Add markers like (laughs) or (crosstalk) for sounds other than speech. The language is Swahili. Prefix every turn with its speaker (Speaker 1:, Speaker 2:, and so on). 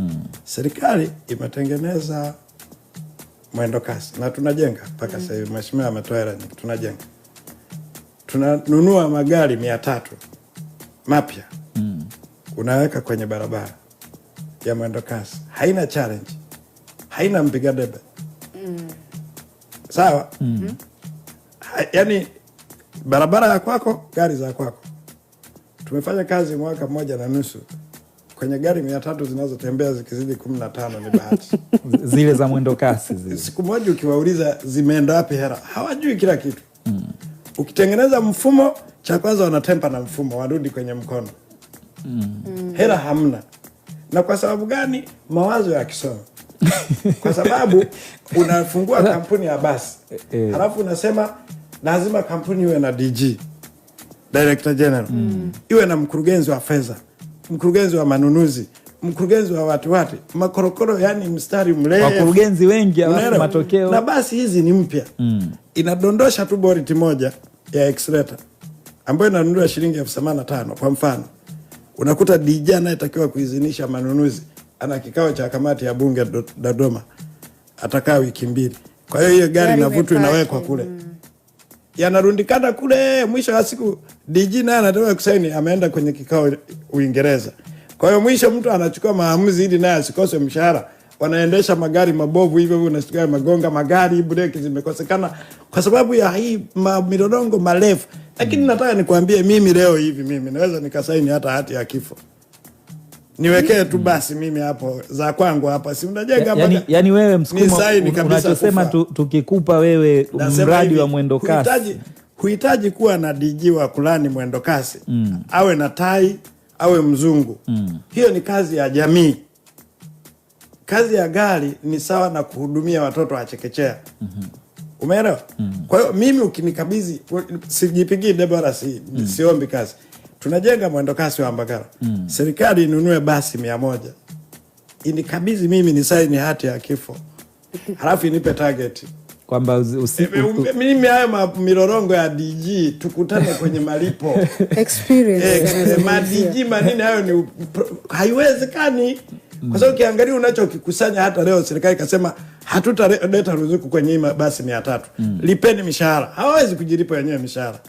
Speaker 1: mm. serikali imetengeneza mwendo kasi na tunajenga mpaka mm. sahivi mheshimiwa ametoa hela nyingi tunajenga tunanunua magari mia tatu mapya mm. unaweka kwenye barabara ya mwendo kasi haina challenge haina mpiga debe mm. sawa mm. ha, yani barabara ya kwako gari za kwako tumefanya kazi mwaka mmoja na nusu kwenye gari mia tatu zinazotembea zikizidi kumi na tano ni bahati
Speaker 2: (laughs) zile za mwendo kasi
Speaker 1: Siku moja ukiwauliza zimeenda wapi hera hawajui kila kitu mm. Ukitengeneza mfumo, cha kwanza wanatempa na mfumo, warudi kwenye mkono mm. Hela hamna. Na kwa sababu gani? Mawazo ya kisoma kwa sababu (laughs) unafungua kampuni ya basi eh, eh, halafu unasema lazima kampuni iwe na DG, Director General mm. iwe na mkurugenzi wa fedha mkurugenzi wa manunuzi mkurugenzi wa watu wate makorokoro, yani mstari mrefu,
Speaker 2: wakurugenzi wengi matokeo.
Speaker 1: Na basi hizi ni mpya mm. inadondosha tu boriti moja ya Exleta ambayo inanunua shilingi elfu themanini tano kwa mfano, unakuta DJ anayetakiwa kuizinisha manunuzi ana kikao cha kamati ya bunge Dodoma, atakaa wiki mbili. Kwa hiyo hiyo gari inavutwa inawekwa kule mm yanarundikana kule. Mwisho wa siku DG naye anataka kusaini, ameenda kwenye kikao Uingereza. Kwa hiyo mwisho mtu anachukua maamuzi ili naye asikose mshahara. Wanaendesha magari mabovu hivyo hivyo, unasikia magonga magari, breki zimekosekana kwa sababu ya hii ma, mirorongo marefu. Lakini mm. nataka nikuambie mimi leo hivi mimi naweza nikasaini hata hati ya kifo niwekee tu basi mimi hapo za kwangu hapa, si mnajenga
Speaker 2: yani, yani wewe msukuma unachosema tu, tukikupa wewe mradi wa mwendo kasi
Speaker 1: huitaji kuwa na DJ wa kulani mwendo kasi mm. awe na tai awe mzungu mm. hiyo ni kazi ya jamii. Kazi ya gari ni sawa na kuhudumia watoto wa chekechea mm -hmm. Umeelewa? mm -hmm. Kwa hiyo mimi ukinikabidhi, sijipigii Debora, si, mm. siombi kazi tunajenga mwendokasi wa Mbagala mm. serikali inunue basi mia moja inikabidhi mimi ni saini hati ya kifo halafu inipe target
Speaker 2: kwamba usiku
Speaker 1: mimi hayo mirorongo ya DG tukutane kwenye malipo
Speaker 3: (laughs) experience
Speaker 1: e, ma DG manini hayo ni haiwezekani mm. kwa sababu ukiangalia unachokikusanya hata leo serikali ikasema hatutaleta ruzuku kwenye basi mia tatu mm. lipeni mishahara hawawezi kujilipa wenyewe mishahara